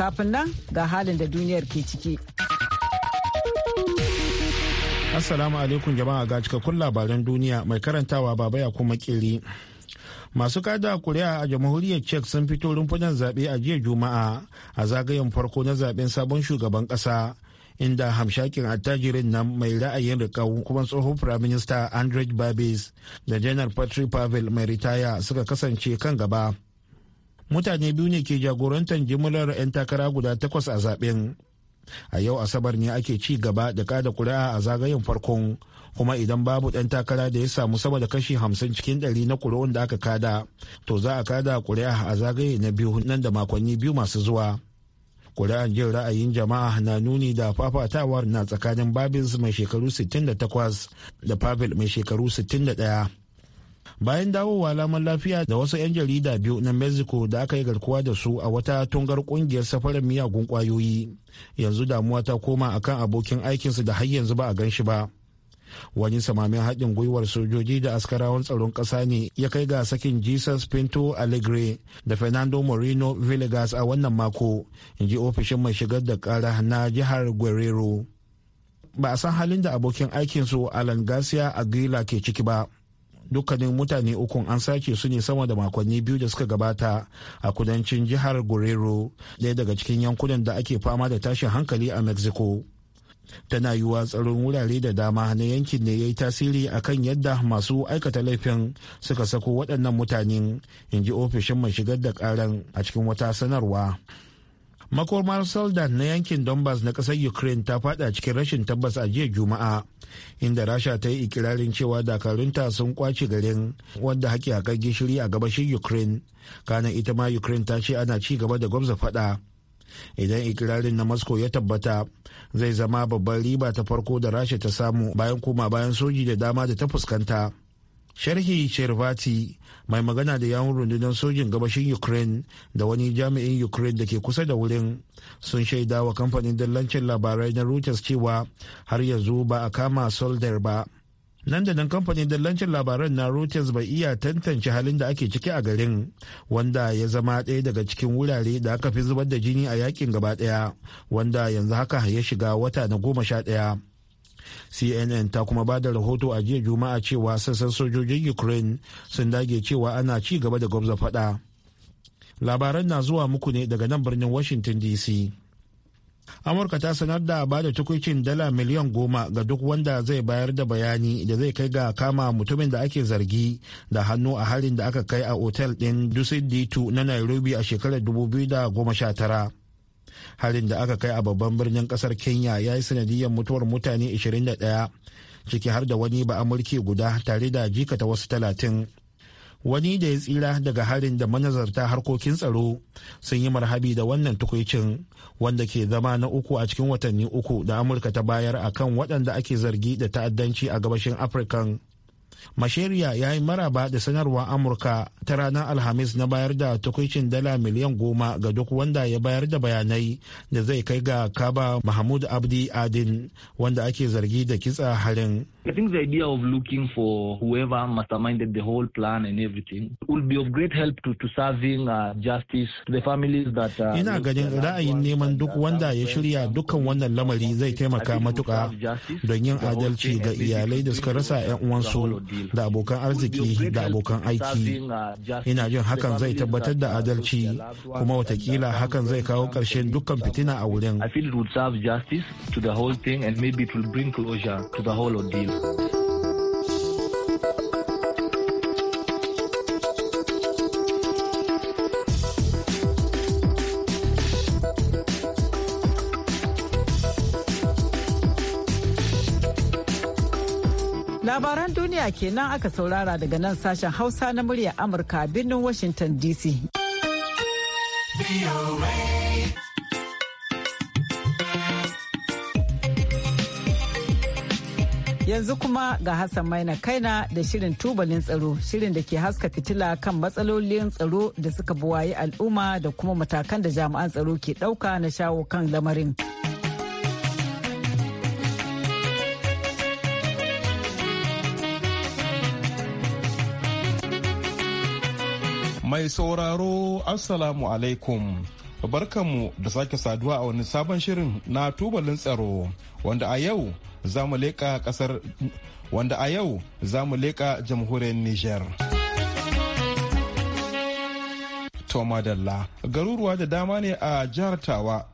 Kafin nan ga halin da duniyar ke ciki. Assalamu alaikum jama'a ga cikakkun labaran duniya mai karantawa baba ya kuma kiri. Masu kada kuri'a a jamhuriyar Czech sun fito rumfunan zaɓe a jiya Juma'a a zagayen farko na zaɓen sabon shugaban ƙasa. inda hamshakin attajirin nan mai ra'ayin rikau kuma tsohon firaminista andrej babis da janar patrick pavel mai ritaya suka kasance kan gaba mutane biyu ne ke jagorantar jimular 'yan takara guda takwas a zaben a yau asabar ne ake ci gaba da kada kuri'a a zagayen farkon kuma idan babu ɗan takara da ya samu sama da kashi hamsin cikin ɗari na kuri'un da aka kada to za a kada kuri'a a zagaye na biyu nan da makonni biyu masu zuwa kuri'an jin ra'ayin jama'a na nuni da fafatawar na tsakanin babins mai shekaru 68 da pavel mai shekaru 61 bayan dawowa laman lafiya da wasu 'yan jarida biyu na mexico da aka yi garkuwa da su a wata tungar kungiyar safarar miyagun kwayoyi yanzu damuwa ta koma akan abokin aikinsu da har yanzu ba a gan shi ba wani samamin haɗin gwiwar sojoji da askarawan tsaron ƙasa ne ya kai ga sakin jesus pinto alegre da fernando moreno villegas a wannan mako in ji ofishin mai shigar da ƙara na jihar guerrero ba a san halin da abokin aikinsu alan garcia aguila ke ciki ba dukkanin mutane ukun an sace su ne sama da makonni biyu da suka gabata a kudancin jihar guerrero ɗaya daga cikin yankunan da ake fama da tashin hankali a mexico tana yiwuwa tsaron wurare da dama na yankin ne ya yi tasiri a kan yadda masu aikata laifin suka sako waɗannan mutanen in ji ofishin mai shigar da ƙaran a cikin wata sanarwa makomar soldat na yankin donbass na kasar ukraine ta fada cikin rashin tabbas a jiya juma'a inda rasha ta yi ikirarin cewa dakarunta sun kwace garin wanda haƙi haƙar gishiri a gabashin ukraine kana ita ma ukraine ta ce ana ci gaba da gwamza fada idan ikirarin na moscow ya tabbata zai zama babban riba ta farko da rasha ta samu bayan koma bayan soji da dama da ta fuskanta sharhi Cherbati mai magana da yawun rundunar sojin gabashin ukraine da wani jami'in ukraine da ke kusa da wurin sun shaida wa kamfanin dallancin labarai na reuters cewa har yanzu ba a kama soldar ba nan da nan kamfanin dallancin labaran na reuters bai iya tantance halin da ake ciki a garin wanda ya zama ɗaya daga cikin wurare da aka fi zubar da jini a yakin gaba ɗaya wanda yanzu haka ya shiga wata na goma sha ɗaya cnn ta kuma ba da rahoto a jiya juma'a cewa sassan sojojin ukraine sun dage cewa ana ci gaba da gwamza faɗa labaran na zuwa muku ne daga nan birnin washington dc amurka ta sanar da ba da tukuicin dala miliyan goma ga duk wanda zai bayar da bayani da zai kai ga kama mutumin da ake zargi da hannu a halin da aka kai a otel din dusit d2 na nairobi a shekarar 2019 harin da aka kai a babban birnin kasar kenya ya yi sanadiyar mutuwar mutane 21 ciki har da wani ba amurki guda tare da jikata wasu talatin wani da ya tsira daga harin da manazarta harkokin tsaro sun yi marhabi da wannan tukwicin wanda ke zama na uku a cikin watanni uku da amurka ta bayar a kan waɗanda ake zargi da ta'addanci a gabashin afirkan Masheria ya yi maraba da sanarwa Amurka ta ranar Alhamis na bayar da takwicin dala miliyan goma ga duk wanda ya bayar da bayanai da zai kai ga Kaba Mahmud Abdi Adin wanda ake zargi da kitsa harin. I think the idea of looking for whoever masterminded the whole plan and everything will be of great help to, to serving uh, justice to the families that. Uh, Ina ganin ra'ayin neman duk wanda ya shirya dukkan wannan lamari zai taimaka matuka don yin adalci ga iyalai da suka rasa 'yan uwansu da abokan arziki da abokan aiki. Uh, Ina jin hakan zai tabbatar da adalci kuma watakila hakan zai kawo ƙarshen dukkan fitina a wurin. I feel it would serve justice to the whole thing and maybe it will bring closure to the whole ordeal. Labaran duniya kenan aka saurara daga nan sashen Hausa na murya Amurka birnin Washington DC. Yanzu kuma ga Hassan Maina Kaina da shirin tubalin tsaro, shirin da ke haska fitila kan matsalolin tsaro da suka buwaye al'umma da kuma matakan da jami'an tsaro ke ɗauka na shawo kan lamarin. Mai sauraro, Assalamu alaikum. Barkanmu da sake saduwa a wani sabon shirin na tubalin tsaro, wanda a yau za mu leƙa ƙasar wanda a yau za mu leƙa jamhuriyar Nijar. Toma Dalla garuruwa da dama ne a jihar Tawa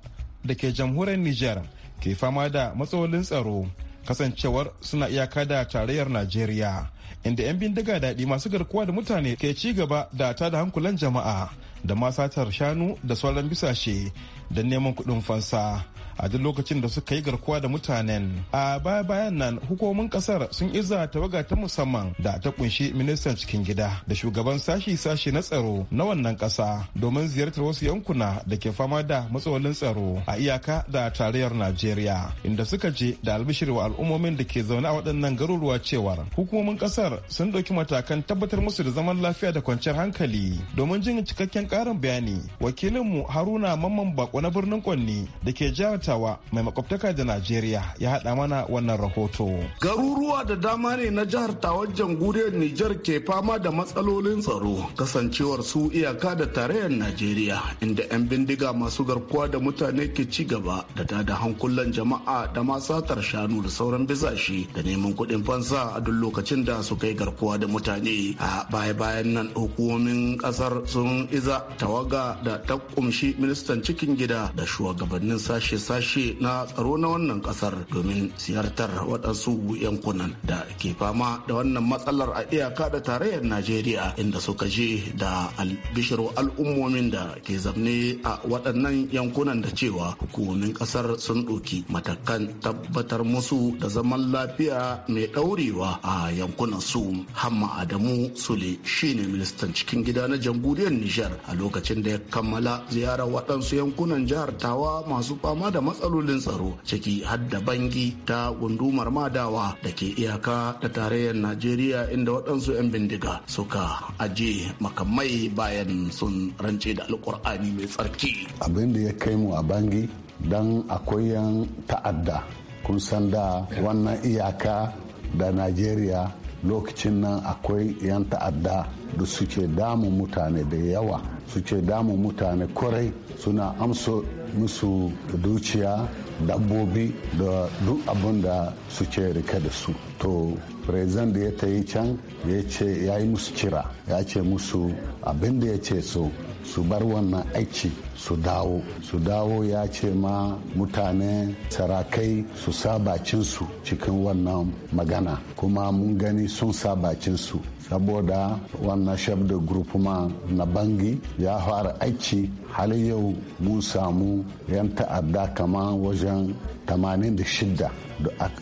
da ke jamhuriyar Nijar ke fama da matsalolin tsaro kasancewar suna iyaka da tarayyar Najeriya inda 'yan bindiga daɗi masu garkuwa da mutane ke ci gaba da ta da hankulan jama'a da masatar shanu da sauran bisashe da neman kuɗin fansa. a duk lokacin da suka yi garkuwa da mutanen a baya bayan nan hukumomin kasar sun iza tawaga ta musamman da ta kunshi ministan cikin gida da shugaban sashi sashi na tsaro na wannan kasa domin ziyartar wasu yankuna da ke fama da matsalolin tsaro a iyaka da tarayyar najeriya inda suka je da albishir wa al'ummomin da ke zaune a waɗannan garuruwa cewar hukumomin kasar sun ɗauki matakan tabbatar musu da zaman lafiya da kwanciyar hankali domin jin cikakken ƙarin bayani wakilinmu haruna mamman bako na birnin kwanni da ke jihar Tawa mai makwabtaka da Najeriya ya haɗa mana wannan rahoto. Garuruwa da dama ne na jihar Tawar jamhuriyar Nijar ke fama da matsalolin tsaro kasancewar su iyaka da tarayyar Najeriya inda 'yan bindiga masu garkuwa da mutane ke ci gaba da tada hankulan jama'a da masatar shanu da sauran bizashi, da neman kuɗin fansa a duk lokacin da su kai garkuwa da mutane a baya-bayan nan hukumomin ƙasar sun iza tawaga da ta kumshi ministan cikin gida da shugabannin sashe sa sashe na tsaro na wannan kasar domin ziyartar waɗansu yankunan da ke fama da wannan matsalar a iyaka da tarayyar najeriya inda suka je da albishir al'ummomin da ke zamne a waɗannan yankunan da cewa hukumomin kasar sun ɗoki matakan tabbatar musu da zaman lafiya mai ɗaurewa a yankunan su hamma adamu sule shine ministan cikin gida na jamhuriyar nijar a lokacin da ya kammala ziyarar waɗansu yankunan jihar tawa masu fama da matsalolin tsaro ciki har da bangi ta gundumar madawa da ke iyaka da tarayyar najeriya inda waɗansu 'yan bindiga suka aje makamai bayan sun rance da alkur'ani mai tsarki abin da ya kai mu a bangi don akwai yan ta'adda kun san da wannan iyaka da najeriya lokacin nan akwai 'yan ta'adda da suke damun mutane da yawa suke damun mutane kwarai suna amso musu dukiya dabbobi da duk abin da suke rike da su to president da ya ta yi can ya ce ya yi musu cira ya ce musu abin da ya ce so su bar wannan aiki su dawo su dawo ya ce ma mutane sarakai su sabacinsu cikin wannan magana kuma mun gani sun sabacinsu saboda wannan chef de groupement na bangi ya fara aiki har yau mun samu 'yan ta'adda kama wajen 86 da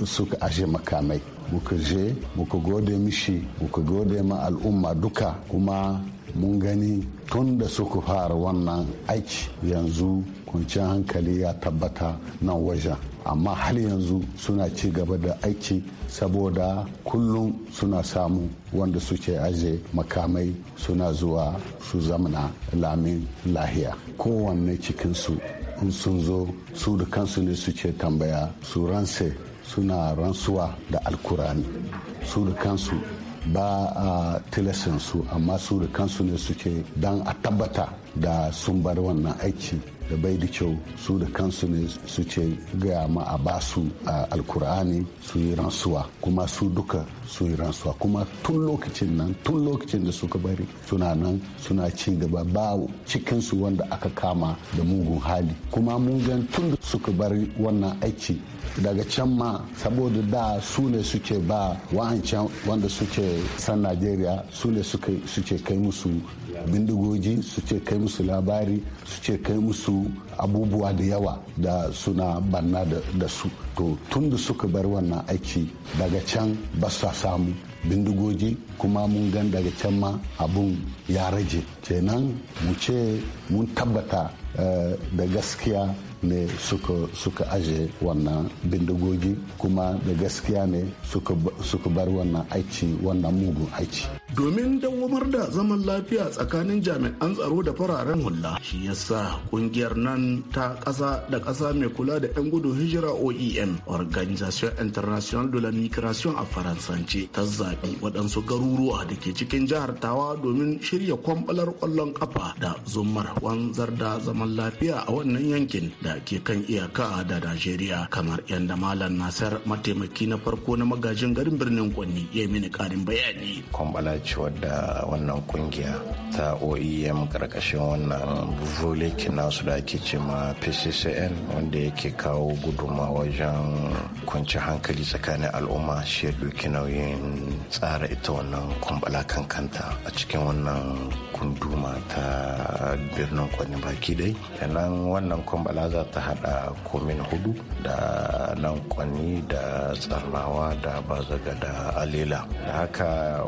suka ashe makamai muka je muka gode mishi muka gode ma al'umma duka kuma mun gani tun da suka fara wannan aiki yanzu kuncin hankali ya tabbata nan wajen amma har yanzu suna ci gaba da aiki saboda kullum suna samu wanda suke aje makamai suna zuwa su zamana lamin lahiya kowanne cikinsu in sun zo su da kansu ne suke tambaya su ranse suna ransuwa da alkurani su da kansu ba a tilasin amma su da kansu ne suke dan a tabbata da sun bar wannan aiki da bai da kyau su da kansu ne su ce gaya ma a ba su alkur'ani su yi rantsuwa kuma su duka su yi rantsuwa kuma tun lokacin nan tun lokacin da suka bari suna nan suna ci gaba ba cikinsu wanda aka kama da mugun hali kuma mun gan tun da suka bari wannan aiki daga can ma saboda da su ne suke ba wa'ancan wanda suke san najeriya su ne suke kai musu bindigogi su ce kai musu labari su ce kai musu abubuwa da yawa da suna banna da su to tun da suka bar wannan aiki daga can ba sa samu bindigogi kuma mun gan daga can ma abun ya rage kenan mu ce mun tabbata eh, da gaskiya ne suka aje wannan bindigogi kuma da gaskiya ne suka bar wannan aiki wannan mugun aiki domin dawamar da zaman lafiya tsakanin jami'an tsaro da fararen hula shi yasa kungiyar nan ta ƙasa da ƙasa mai kula da 'yan gudun hijira oem organisation international de la migration a faransance ta zaɓi waɗansu garuruwa da ke cikin jihar tawa domin shirya kwambalar Kwallon Kafa da zumar wanzar da zaman lafiya a wannan yankin da ke kan iyaka da najeriya kamar yadda malam nasar mataimaki na farko na magajin garin birnin kwanni ya mini ƙarin bayani wacce wadda wannan kungiya ta oem karkashin wannan voleki nasu da ake ce ma pccn wanda yake kawo guduma wajen kwanci hankali tsakanin al'umma shi ya doki nauyin tsara ita wannan kwambala kankanta a cikin wannan kunduma ta birnin kwanin baki dai nan wannan kwambala za ta hada komin hudu da nan kwani da tsarnawa da bazaga da alela da haka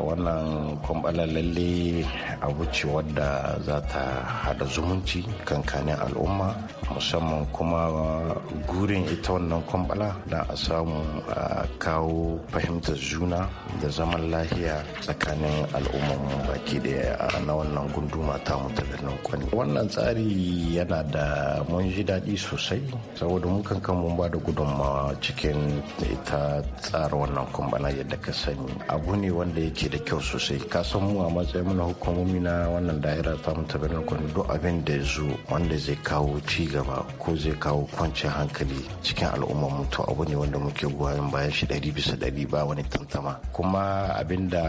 wannan wannan lalle a wuce wadda za ta hada zumunci kankanin al'umma musamman kuma gurin ita wannan kwambala da a samu a kawo fahimtar juna da zaman lahiya tsakanin al'umman baki da na wannan gunduma ta mu da nan kwani wannan tsari yana da mun ji daɗi sosai saboda mun kan mun ba da gudunmawa cikin ita tsara wannan kwambala yadda ka sani abu ne wanda yake da kyau sosai sosai ka san mu a matsayin na hukumomi na wannan daira ta mutu ta birnin duk abin da ya zo wanda zai kawo ci gaba ko zai kawo kwanciyar hankali cikin al'ummar mu to abu ne wanda muke goyon bayan shi ɗari bisa ɗari ba wani tantama kuma abin da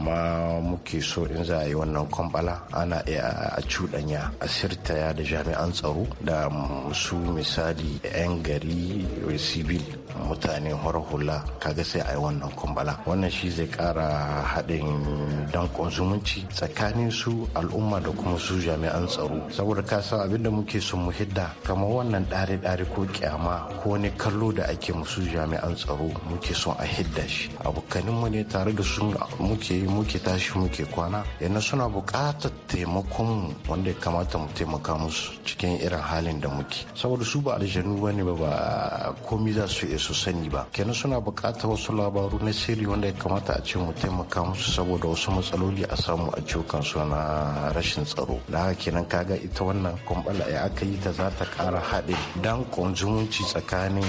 ma muke so in za a yi wannan kwambala ana iya a cuɗanya a sirtaya da jami'an tsaro da su misali 'yan gari sibil mutane hula kaga sai a yi wannan kwambala wannan shi zai kara haɗin don zumunci tsakanin su al'umma da kuma su jami'an tsaro saboda ka san abin da muke son mu hidda kamar wannan ɗare-ɗare ko kyama ko wani kallo da ake musu jami'an tsaro muke son a hidda shi abokanin mu ne tare da su muke yi muke tashi muke kwana yana suna buƙatar taimakon wanda ya kamata mu taimaka musu cikin irin halin da muke saboda su ba aljanu ba ne ba komi za su iya su sani ba kenan suna buƙatar wasu labaru na sirri wanda ya kamata a ce mu taimaka musu saboda da wasu matsaloli a samu a cokan su na rashin tsaro da haka kenan kaga ita wannan kumbala ya aka yi ta za ta ƙara haɗe dan zumunci tsakanin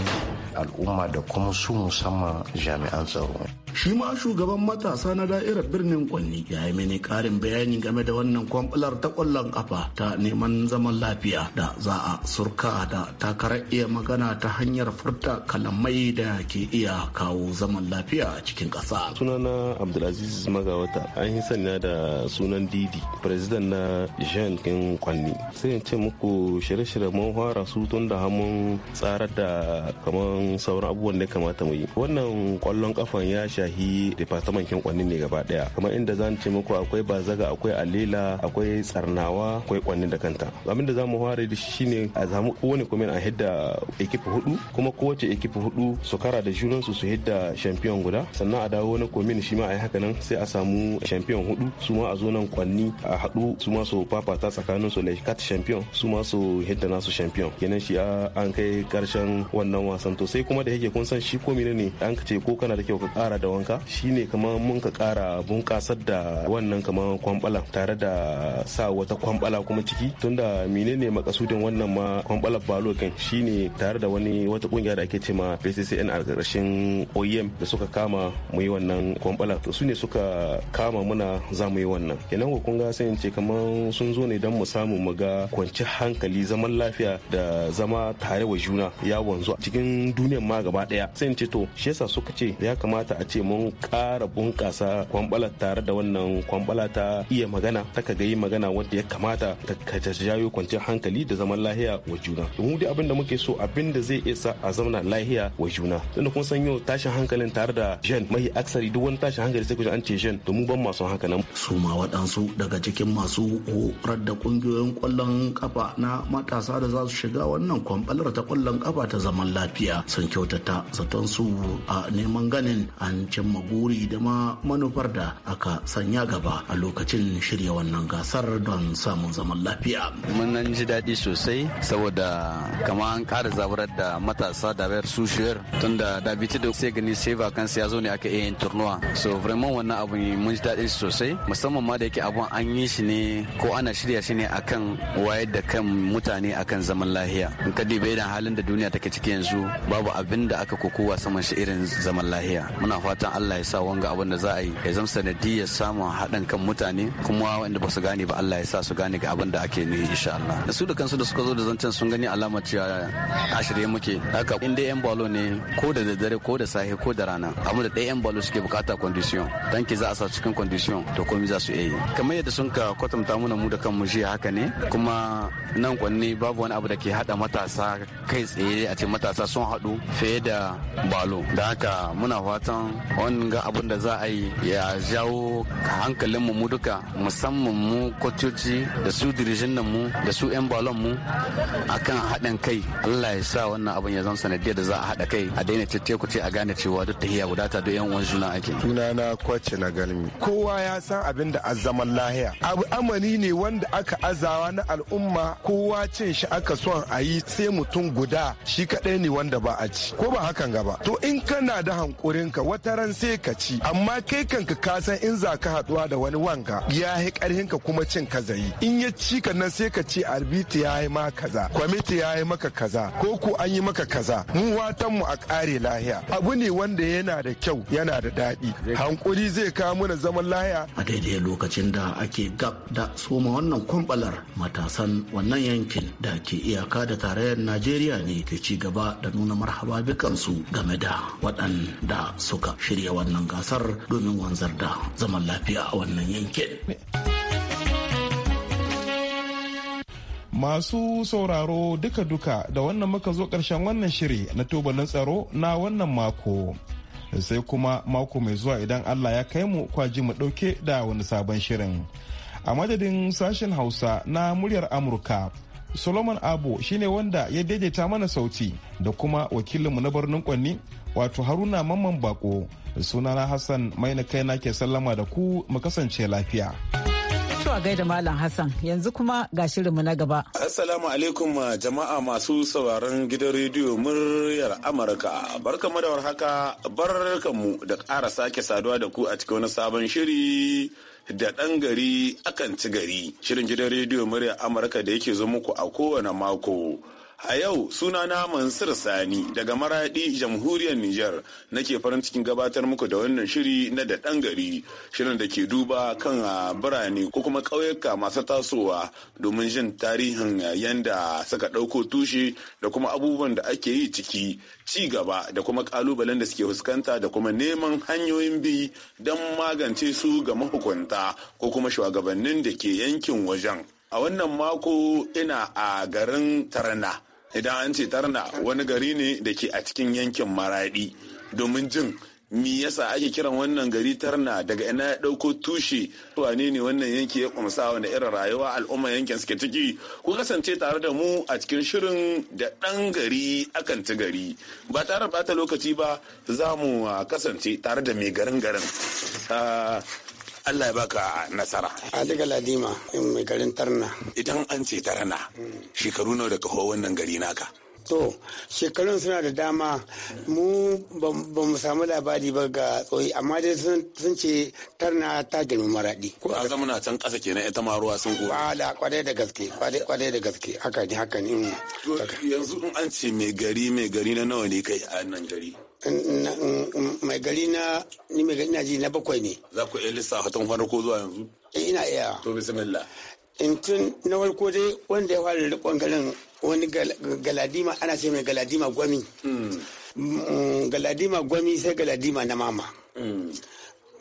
al'umma da kuma su musamman jami'an tsaro shi ma shugaban matasa na da'irar birnin kwanni ya yi mini karin bayani game da wannan kwamfular ta kwallon kafa ta neman zaman lafiya da za a surka da takarar iya magana ta hanyar furta kalamai da ke iya kawo zaman lafiya a cikin ƙasa sunana abdulaziz magawa wata an yi sanya da sunan didi president na jean kin kwanni sai in ce muku shirye-shirye mun fara su tun da hamun tsarar da kamar sauran abubuwan da kamata mu yi wannan kwallon kafan ya shahi department kin kwanni ne gaba daya kamar inda zan ce muku akwai bazaga akwai alela akwai tsarnawa akwai kwanni da kanta abin da zamu fara da shi ne a zamu kowane kuma a hidda ekipa hudu kuma kowace ekipa hudu su kara da junansu su hidda champion guda sannan a dawo na komin shi ma a yi hakanan sai a samu samu champion hudu su ma a zo nan kwanni a haɗu su ma su fafata tsakanin su kat champion su ma su hidda nasu champion kenan shi an kai karshen wannan wasan to sai kuma da yake kun san shi ko ne an ko kana da kyau ka kara da wanka shine kamar mun ka kara bunkasar da wannan kamar kwambala tare da sa wata kwambala kuma ciki tunda menene makasudin wannan ma kwambalar balo kan shine tare da wani wata kungiya da ake ce ma PCCN a karshen OEM da suka kama mu yi wannan kwambala to su ne suka kama muna za mu yi wannan kenan ko kun sai ce kamar sun zo ne don mu samu mu ga kwanci hankali zaman lafiya da zama tare wa juna ya wanzu cikin duniyar ma gaba daya sai ce to shi yasa suka ce ya kamata a ce mun kara bunkasa kwambalar tare da wannan kwambala ta iya magana ta ka yi magana wanda ya kamata ta jayo kwanciyar hankali da zaman lafiya wa juna mu dai abin da muke so abin da zai isa a zauna lafiya wa juna tunda kun san yau tashin hankalin tare da jen mai aksari duk wani tashin hankali sai ku an ce jen domin mu ban masu haka nan su ma waɗansu daga cikin masu horar da ƙungiyoyin ƙwallon kafa na matasa da za su shiga wannan kwamfalar ta ƙwallon kafa ta zaman lafiya sun kyautata zaton su a neman ganin an cimma guri da ma manufar da aka sanya gaba a lokacin shirya wannan gasar don samun zaman lafiya. Mun ji daɗi sosai saboda kama an ƙara zaburar da matasa da bayar su shiyar tun da da sai gani sai kan ya zo ne aka yi yin turnuwa. So vraiment wannan abu ne mun ji daɗin sosai musamman ma da yake abun an yi shi ne ko ana shirya shi ne akan wayar da kan mutane akan zaman lahiya in ka dibe da halin da duniya take ciki yanzu babu abin da aka kokowa saman shi irin zaman lahiya muna fatan Allah ya sa wanga abin da za a yi ya zama sanadiyar samun haɗin kan mutane kuma wanda ba su gane ba Allah ya sa su gane ga abin da ake nufi insha Allah su da kansu da suka zo da zancen sun gani alamar cewa a shirye muke haka in dai yan balo ne ko da daddare ko da safe ko da rana amma da ɗaya yan balo suke bukata condition danki za a sa cikin condition to komi za su yi kamar yadda sun ka kwatanta muna mu da kanmu jiya haka ne kuma nan kwanne babu wani abu da ke hada matasa kai tsaye a ce matasa sun hadu fiye da balo da haka muna fatan ga abin da za a yi ya jawo hankalin mu duka musamman mu kwatoci da su dirijin nan mu da su 'yan balon mu akan haɗin kai allah ya sa wannan abin ya zama sanadiyar da za a haɗa kai a daina ce a gane cewa duk tahiya wadata du 'yan uwan juna ake sunana kwace na galmi kowa ya san abin da azzaman lahiya abu amani ne wanda aka azawa na al'umma kowa cin shi aka son a yi sai mutum guda shi kaɗai ne wanda ba a ci ko ba hakan gaba to in kana da hankurin ka wata ran sai ka ci amma kai kanka ka san in za ka haɗuwa da wani wanka ya yi ka kuma cin kazayi in ya ci ka nan sai ka ce arbiti ya yi ma kaza kwamiti ya yi maka kaza ko ko an yi maka kaza mu watan mu a kare lahiya abu ne wanda yana da kyau yana da daɗi hankuri zai kawo mana zaman laya a daidai lokacin da ake gab da soma wannan kwambalar matasan wannan yankin da ke iyaka da tarayyar najeriya ne ke ci gaba da nuna marhaba bikansu game da waɗanda suka shirya wannan gasar domin wanzar da zaman lafiya a wannan yankin Masu sauraro duka-duka da wannan muka zo ƙarshen wannan shiri na tubalin tsaro na wannan mako. sai kuma mako mai zuwa idan allah ya kai mu kwaji mu ɗauke da wani sabon shirin a madadin sashen hausa na muryar amurka solomon abu shine wanda ya daidaita mana sauti da kuma wakilinmu na birnin kwanni wato haruna mamman bako sunana hassan maina kaina ke sallama da ku mu kasance lafiya. zuwa gai gaida Malam Hassan yanzu kuma ga shirinmu na gaba. Assalamu alaikum uh, jama'a masu sauraron gidan rediyo muryar Amurka. Barkamu da barka mu da ƙara sake saduwa da ku a cikin wani sabon shiri da ɗan gari akan ci gari. Shirin gidan rediyo muryar Amurka da yake zo muku a kowane mako. A yau suna na Mansur Sani daga maraɗi Jamhuriyar Nijar nake farin cikin gabatar muku da wannan shiri na da ɗan gari shirin da ke duba kan ah, birane ko kuma ƙauyuka masu tasowa domin jin tarihin ah, yanda suka ɗauko tushe da kuma abubuwan da ake yi ciki ci gaba da kuma kalubalen da suke fuskanta da kuma neman hanyoyin bi don magance su ga mahukunta ko kuma shugabannin da ke yankin wajen. A wannan mako ina a garin Tarana idan an ce tarna wani gari ne da ke a cikin yankin maradi domin jin mi yasa ake kiran wannan gari tarna daga ina ya dauko tushe wane ne wannan yanki ya kumsa wani irin rayuwa al'umma yankin suke ciki ku kasance tare da mu a cikin shirin da dan gari akan ci gari ba tare bata lokaci ba za mu ah, kasance tare da mai garin garin ah, Allah ya baka nasara. Ali in mai garin Tarna. Idan an ce Tarna shekaru nawa da kawo wannan gari naka? To shekarun suna da dama mu ba mu samu labari ba ga tsoyi amma dai sun ce tarna ta girma maradi. Ko a zamana can ƙasa kenan ita ma ruwa sun kuwa. Ala kwarai da gaske kwarai da gaske haka ne haka ne. Yanzu an ce mai gari mai gari na nawa ne kai a nan gari. mai gari na ni mai gari na ji na bakwai ne za ku iya lissafa tun farko zuwa yanzu eh, ina iya to bismillah in tun na farko dai wanda ya fara rikon garin wani galadima ana ce mai galadima gwami hmm. mm, galadima gwami sai galadima na mama hmm.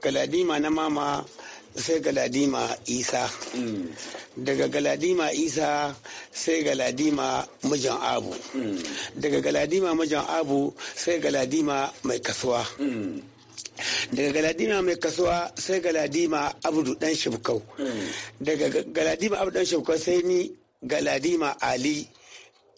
galadima na mama sai galadima isa daga galadima isa sai galadima mijin abu daga galadima mijin abu sai galadima mai kasuwa daga galadima mai kasuwa sai galadima abudu dan shibkau daga galadima abudu dan shibkau sai ni galadima ali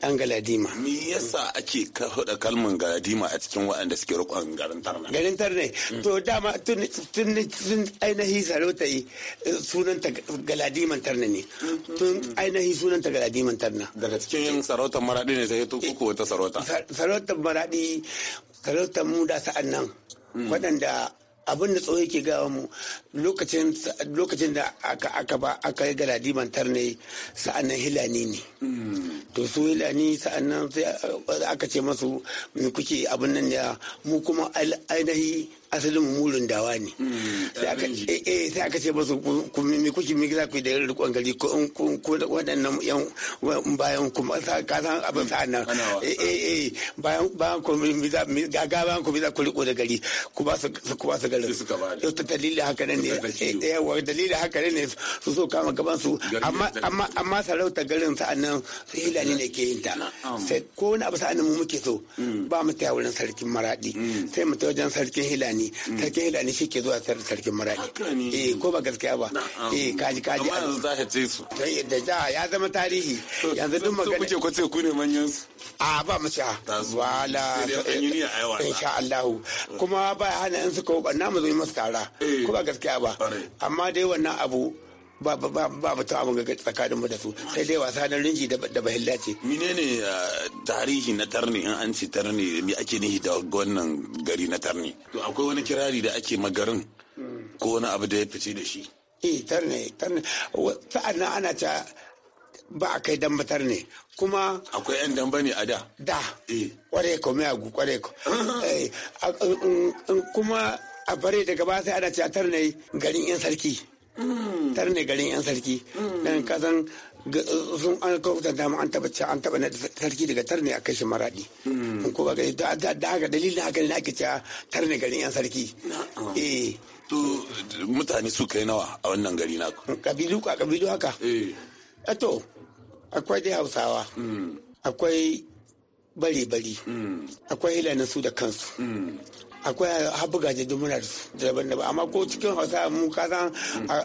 ɗan galadima me yasa ake haɗa kalmar galadima a cikin waɗanda suke roƙon garin tarna garin tarna mm. to dama tun tun tun ainihi sarauta yi eh, sunan ta galadiman tarna ne mm-hmm. tun ainihi sunan ta galadiman tarna daga cikin sarautar maraɗi ne sai ta kuku wata sarauta sarautar maraɗi. sarautar mu da sa'an nan mm. waɗanda abin da tsohon ke gawa mu lokacin da aka ba aka yi ne sa'an nan hilani ne to su hilani sa'an sai aka ce masu mai kuke abin nan ya mu kuma ainihi asalin mulun dawa ne hmm. hmm. eh, eh, sai aka ce basu me kuke mi za ku yi da rikon gari ko waɗannan yan bayan kuma ka san abin sa nan hmm. eh, bayan bayan ku ga bayan ku za ku riko da gari ku ba su gari su ta dalilin haka ne yawa dalilin haka ne su so kama gaban su amma sarauta garin sa nan su hilani ne ke yin ta sai ko wani abu sa nan mu muke so ba mu ta wurin sarkin maradi sai mu ta wajen sarkin hilani ilani sarkin mm. ilani shi ke zuwa sarkin marani eh ko ba gaskiya ba eh kaji kaji amma yanzu za ka ce su da ja ya zama tarihi yanzu duk magana kuke ko ce ku ne manyan su a ba mu sha wala insha Allah kuma ba hana in suka na mu zo yi masu eh. ko ba gaskiya ba amma dai wannan abu ba ba ba mutum abin ga tsakanin mu da su sai dai wasa na rinji da bahilla ce menene uh, tarihi na tarni in an ce tarni me ake nihi da wannan gari na tarni to akwai wani kirari da ake magarin ko wani abu da ya fice da shi eh tarni tarni sa'an ana ta ba a kai damba tarni kuma akwai 'yan damba ne a da da eh. kware ko me agu kware ko eh, kuma a bare daga ba sai ana catar tarni garin 'yan sarki Tar ne garin yan sarki mm. dan kasan sun an kauta dama an taba an taba na sarki daga tar ne a kashi maradi in mm. ko ba gani da haka dalilin haka ne ake cewa ne garin yan sarki eh to mutane su kai nawa a wannan gari na kabilu ka kabilu haka eh. eh to akwai dai hausawa mm. akwai bare-bari akwai hilanin su da kansu akwai habugaje duk muna da su daban-daban amma ko cikin hausa mu kasan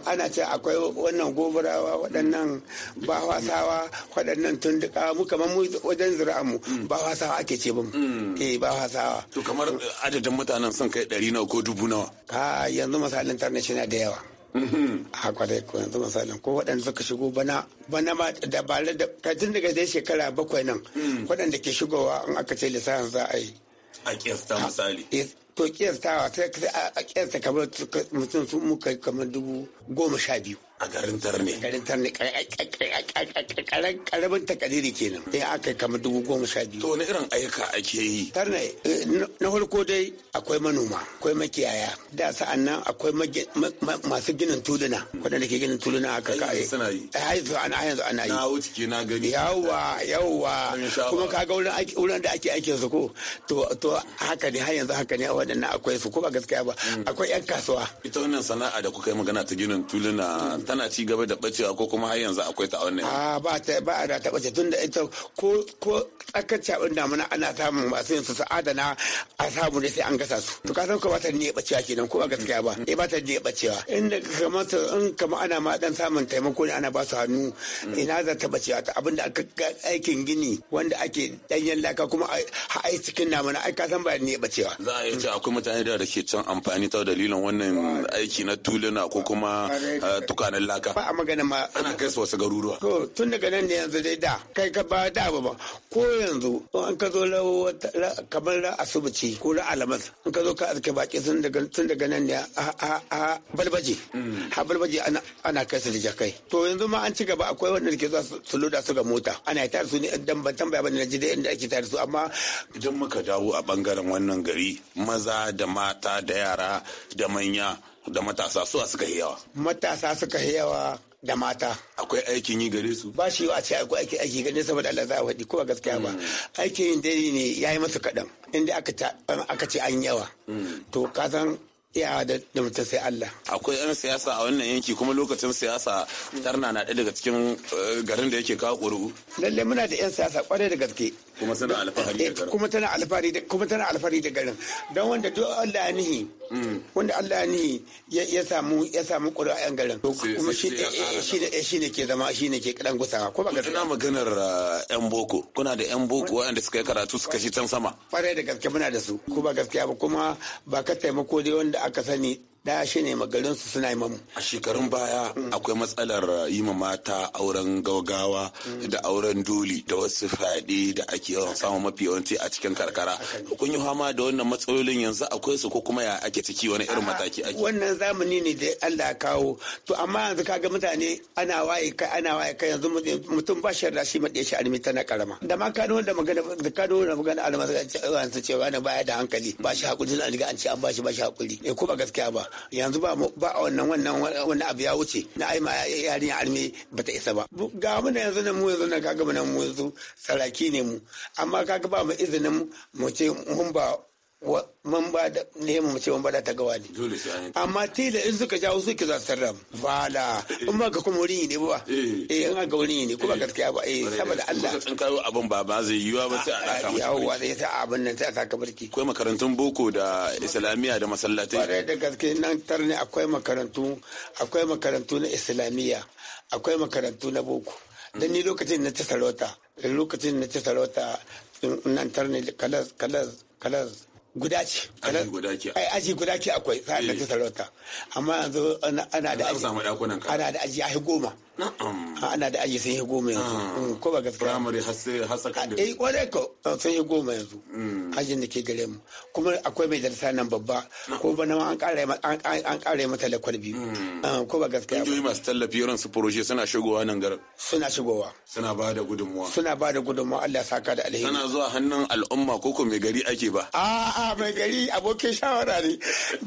ana ce akwai wannan gobarawa waɗannan ba hausawa waɗannan tunduka mu kamar mu wajen zira mu mm. ba hausawa ake ce bamu mm. eh ba hausawa to kamar adadin mutanen sun kai ɗari nawa ko dubu nawa ka yanzu misalin na da yawa mm-hmm. a kwarai ko yanzu misalin ko waɗanda suka shigo bana bana ma da ba da kajin daga dai shekara bakwai nan mm. waɗanda ke shigowa in aka ce lissafin za a yi a kiyasta misali eh, to kiyastawa sai a kiyasta kamar mutum sun muka kamar dubu goma sha biyu a garin tarne garin tarne karamin takadiri kenan eh aka kama dubu goma sha biyu to wani irin ayyuka ake yi tarne eh, na farko dai akwai manoma akwai makiyaya da sa'an nan akwai masu ginin tuluna wadanda ke ginin tuluna aka kai eh. suna yi yanzu ana yanzu ana yi na wuce ke na gani yawa yawa kuma kaga wurin wurin da ake aikin su ko to to haka ne har yanzu haka ne wadannan akwai su ko ba gaskiya ba mm. akwai yan kasuwa ita wannan sana'a da kuka yi magana ta ginin tuluna tana ci gaba da bacewa ko kuma har yanzu akwai ta wannan a ah, ba ta ba da ta bace tunda ita ko ko tsakacce abin damuna ana samun masu yin su adana a samu ne sai an gasa su to ka san ko ba ta ne bacewa kenan ko a gaskiya ba eh ba ta ne bacewa inda kamar in kamar ana ma dan samun taimako ne ana ba su hannu mm. ina za ta bacewa ta abinda aka aikin gini wanda ake danyen laka kuma a cikin namuna ai ka san ba ne bacewa za a yi akwai mutane da ke can amfani ta dalilin wannan aiki na tuluna ko kuma eh, tukane mutanen laka ba a magana ma ana kai su wasu garuruwa to tun daga nan ne yanzu dai da kai ka ba da ba ko yanzu an ka zo kamar asubuci ko ra alamas An ka zo ka aske baki tun daga tun daga nan ne a balbaji a balbaji mm. ana kai su da jakai to yanzu ma an ci gaba akwai wanda ke zuwa su loda su ga mota ana tare su ne dan ban tambaya ba na ji dai inda ake tare su amma idan muka dawo a bangaren wannan gari maza da mata da yara da manya da matasa suwa suka yawa. Matasa suka yawa da mata. Akwai aikin yi gare su? Ba shi a ce akwai aiki aiki gare saboda Allah za a waɗi kuma gaskiya ba. Mm. Aikin yin dai ne ya yi masa kaɗan inda aka ce an yawa. Mm. To ka san iyawa da mutum sai Allah. Akwai 'yan siyasa a wannan yanki kuma lokacin siyasa tarna na ɗaya daga cikin eh, garin da yake kawo ƙuri'u. lallai muna da 'yan siyasa ƙwarai da gaske kuma tana alfahari da garin kuma tana alfahari da kuma tana alfahari da garin dan wanda to Allah ya nihi mm. wanda Allah ya nihi ya samu ya samu ƙuri'an garin kuma shi shi ne shi ne ke zama shi ne ke kadan gusawa ko ba ga tana maganar uh, yan boko kuna da yan boko wanda suka yi karatu suka shi can sama kwarai da gaskiya muna da su ko ba gaskiya ba kuma ba ka taimako dai wanda aka sani da shi ne magarinsu suna yi mamu. A shekarun baya mm. akwai matsalar yi ma mata auren gaugawa mm. da auren doli da wasu fyaɗe da ake yawan samun mafi yawanci a cikin karkara. Kun yi fama da wannan matsalolin yanzu akwai su ko kuma ya ake ciki wani irin mataki ake. Wannan zamani ne da Allah kawo. To amma yanzu k'a ga mutane ana waye kai ana waye kai yanzu mutum ba shi da shi maɗe shi alimi tana karama. Da ma kano da magana da kano da magana almasa cewa na baya da hankali ba shi hakuri na riga an ce an ba shi ba shi hakuri. Eh ko ba gaskiya ba. yanzu ba ba wannan wannan wani abu ya wuce na ai ma yarinya ba ta isa ba ga mu yanzu nan mu yanzu nan kaga mu nan mu yanzu saraki ne mu amma kaga ba mu izinin mu ce mun ba mun ba da ne mace ce mun ba da ta gawa ne amma tilo in suka jawo su ki za su tarra bala in eh. ba ka kuma wurin ne ba eh, eh in ga wurin ne kuma eh. gaskiya ba eh saboda Allah ka kawo abin ba ba zai yiwa ba sai a daka yawa da yasa abin nan sai a saka barki akwai makarantun boko da islamiya da masallatai bare da gaske nan tarne akwai makarantu akwai makarantu na islamiya akwai makarantu na boko dan ni mm-hmm. lokacin na ta sarauta lokacin na ta sarauta nan tarne kalas kalas kalas guda ce aji guda ke eh, akwai sa'an da ta eh. sarauta amma yanzu ana da aji ana da aji ya goma ah, ana da aji sun yi goma yanzu ah. mm, ko ba gaskiya primary har secondary eh kwarai ko ah, sun yi goma yanzu mm. ajin da ke gare mu kuma akwai mai darsa nan babba ko ba nan an ƙara an kare mata lakwar biyu mm. ko ba gaskiya kungiyoyi masu tallafi irin su proje suna shigowa nan garin suna shigowa suna ba da gudunmuwa suna ba da gudunmuwa Allah ya saka da alheri Kana zuwa hannun al'umma ko ko mai gari ake ba a'a a mai gari abokin shawara ne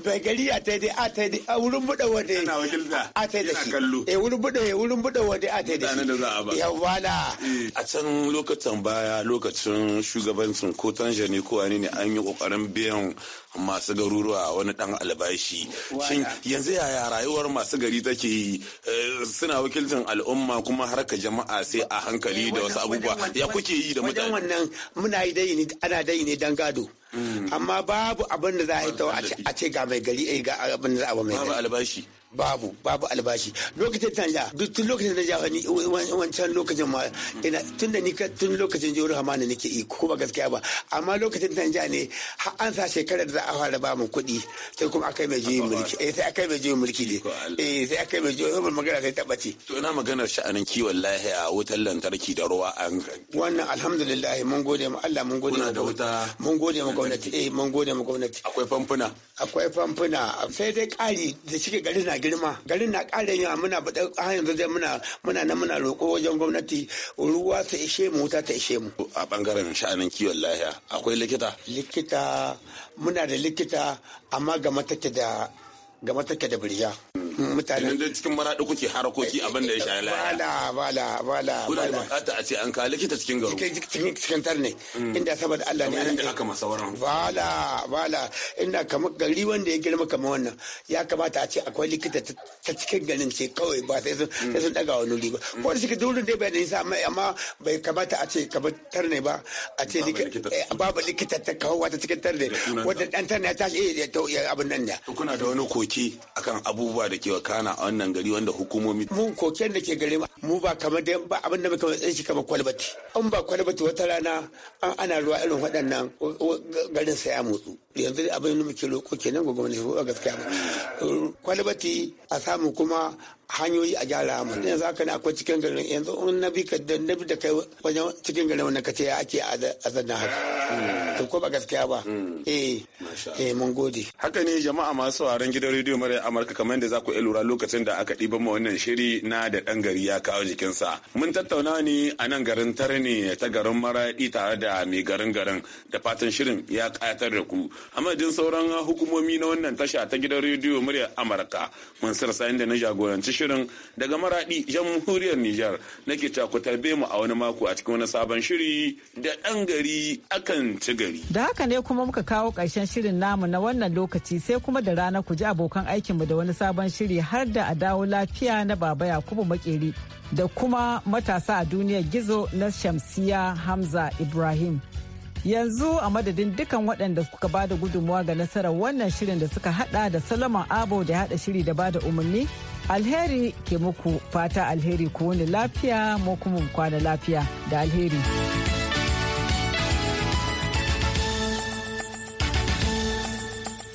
mai gari a taidai a taidai a wurin buɗe wanda a taidai a shi e wurin buɗe eh, wurin buɗe wanda a taidai da shi yawa na eh. a can lokacin baya lokacin shugabancin ko tanja ko wani ne an yi kokarin biyan masu garuruwa wani dan albashi shin yanzu yaya rayuwar masu gari take yi eh, suna wakilcin al'umma kuma harka jama'a sai a hankali da wasu abubuwa ya kuke yi da mutane wannan muna yi dai ne ana dai ne dan gado hmm. amma babu abin da za a yi a ce ga mai gari eh, ga abin da za a mai gari babu babu albashi lokacin ja duk tun lokacin da jafa ni wancan lokacin ma ina tun da ni tun lokacin jihar hamani nake iko kuma gaskiya ba amma lokacin ja ne har an sa shekarar da za a fara ba mu kuɗi sai kuma akai mai juyin mulki eh sai akai mai juyin mulki ne eh sai akai mai juyin mulki magana sai tabbaci to ina maganar sha'anin kiwon lahiya wutar lantarki da ruwa an wannan alhamdulillah mun gode mu Allah mun gode mu da wuta mun gode mu gwamnati eh mun gode mu gwamnati akwai famfuna akwai famfuna sai dai kari da cike garin na na girma garin na ƙara yawa muna ba har yanzu zai muna muna na muna roƙo wajen gwamnati ruwa ta ishe mu wuta ta ishe mu. A bangaren sha'anin kiwon lafiya akwai likita? Likita muna da likita amma ga take da ga take da birya. mutane da cikin maraɗi kuke harakoki abin da ya sha laya bala bala bala kuna da bukata a ce an ka likita cikin garo cikin cikin tar ne mm. inda saboda Allah ne an da aka masa wurin bala bala inda kamar gari wanda ya girma kamar wannan ya kamata a ce akwai likita ta cikin garin ce kawai ba sai sun sai sun daga wani wuri ba mm. ko da shi durin dai bai da nisa amma bai kamata a ce kamar tar ne ba a ce babu likita eh, ta kawo ta cikin tar ne wanda dan tar ne ya tashi eh abin nan ne kuna da wani koki koke akan abubuwa da ke wakana a wannan gari wanda hukumomi. Mun koken da ke gare mu ba kamar da ba abin da muka matsayin shi kamar kwalbati. An ba kwalbati wata rana an ana ruwa irin waɗannan garin sa ya motsu. Yanzu abin da muke roƙo kenan ga gwamnati ba gaskiya ba. Kwalbati a samu kuma hanyoyi a gyara mu yanzu haka ne akwai cikin garin yanzu in na bi ka da na bi da kai wajen cikin garin wannan ka ce ya ake a zanna haka to ko ba gaskiya ba mm. eh eh mun gode haka ne jama'a masu sauraron gidan rediyo mara Amurka kamar yadda za ku iya lura lokacin da aka ɗiban mu wannan shiri na da ɗan gari ya kawo jikinsa mun tattauna ne a nan garin Tarni ta garin Maraɗi tare da mai garin garin da fatan shirin ya ƙayatar da ku amadin sauran hukumomi na wannan tasha ta gidan rediyo murya Amurka mun sirsa inda na jagoranci shirin daga maradi jamhuriyar Nijar nake tarbe mu a wani mako a cikin wani sabon shiri da ɗan gari akan ci gari. Da haka ne kuma muka kawo karshen shirin namu na wannan lokaci sai kuma da rana ku ji abokan aikinmu da wani sabon shiri har da a dawo lafiya na baba Yakubu Makeri da kuma matasa a duniyar gizo na Shamsiya Hamza Ibrahim. yanzu a madadin dukan waɗanda suka bada gudunmuwa ga nasarar wannan shirin da suka hada da salama abo da hada shiri da bada umarni alheri ke muku fata alheri ku wani lafiya mu kuma kwana lafiya da alheri.